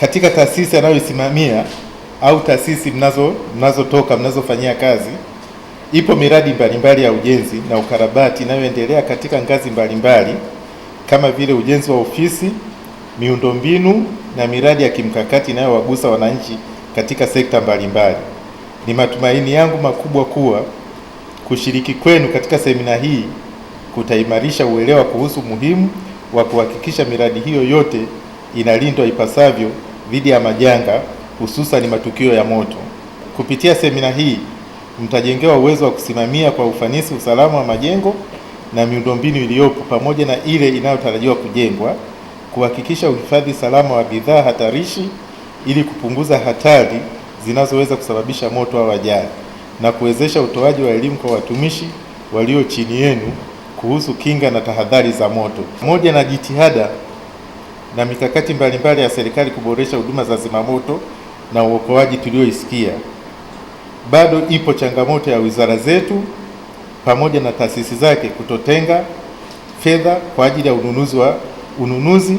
katika taasisi anayoisimamia au taasisi mnazo mnazotoka mnazofanyia kazi, ipo miradi mbalimbali ya ujenzi na ukarabati inayoendelea katika ngazi mbalimbali mbali, kama vile ujenzi wa ofisi, miundombinu na miradi ya kimkakati inayowagusa wananchi katika sekta mbalimbali mbali. Ni matumaini yangu makubwa kuwa kushiriki kwenu katika semina hii kutaimarisha uelewa kuhusu umuhimu wa kuhakikisha miradi hiyo yote inalindwa ipasavyo dhidi ya majanga, hususan matukio ya moto. Kupitia semina hii mtajengewa uwezo wa kusimamia kwa ufanisi usalama wa majengo na miundombinu iliyopo pamoja na ile inayotarajiwa kujengwa, kuhakikisha uhifadhi salama wa bidhaa hatarishi ili kupunguza hatari zinazoweza kusababisha moto au ajali, na kuwezesha utoaji wa elimu kwa watumishi walio chini yenu kuhusu kinga na tahadhari za moto. Pamoja na jitihada na mikakati mbalimbali ya serikali kuboresha huduma za zimamoto na uokoaji tulioisikia, bado ipo changamoto ya wizara zetu pamoja na taasisi zake kutotenga fedha kwa ajili ya ununuzi wa ununuzi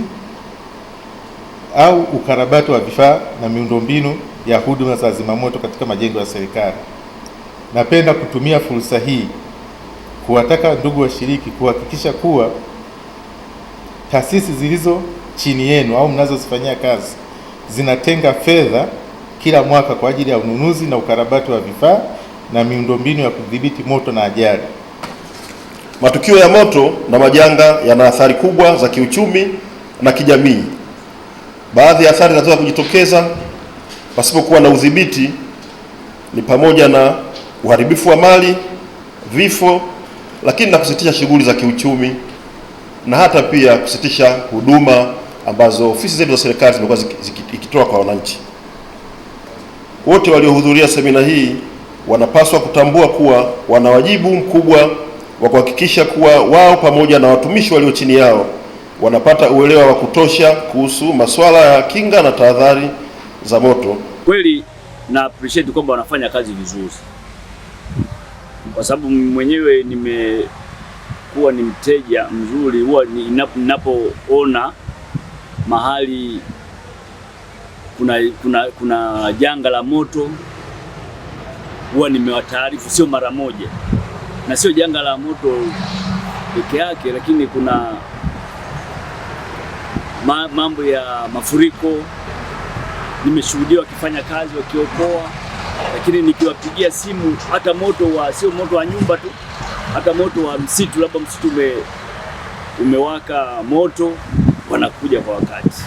au ukarabati wa vifaa na miundombinu ya huduma za zimamoto katika majengo ya serikali. Napenda kutumia fursa hii kuwataka ndugu washiriki kuhakikisha kuwa taasisi zilizo chini yenu au mnazozifanyia kazi zinatenga fedha kila mwaka kwa ajili ya ununuzi na ukarabati wa vifaa na miundombinu ya kudhibiti moto na ajali. Matukio ya moto na majanga yana athari kubwa za kiuchumi na kijamii. Baadhi ya athari zinazoweza kujitokeza pasipokuwa na udhibiti ni pamoja na uharibifu wa mali, vifo, lakini na kusitisha shughuli za kiuchumi na hata pia kusitisha huduma ambazo ofisi zetu za serikali zimekuwa zikitoa kwa wananchi. Wote waliohudhuria semina hii wanapaswa kutambua kuwa wana wajibu mkubwa wa kuhakikisha kuwa wao pamoja na watumishi walio chini yao wanapata uelewa wa kutosha kuhusu masuala ya kinga na tahadhari za moto. Kweli na appreciate kwamba wanafanya kazi vizuri, kwa sababu mwenyewe nimekuwa ni mteja mzuri, huwa ninapoona mahali kuna, kuna, kuna janga la moto huwa nimewataarifu, sio mara moja, na sio janga la moto peke yake, lakini kuna ma, mambo ya mafuriko nimeshuhudia wakifanya kazi wakiokoa, lakini nikiwapigia simu hata moto wa sio moto wa nyumba tu, hata moto wa msitu, labda msitu ume, umewaka moto wanakuja kwa wakati.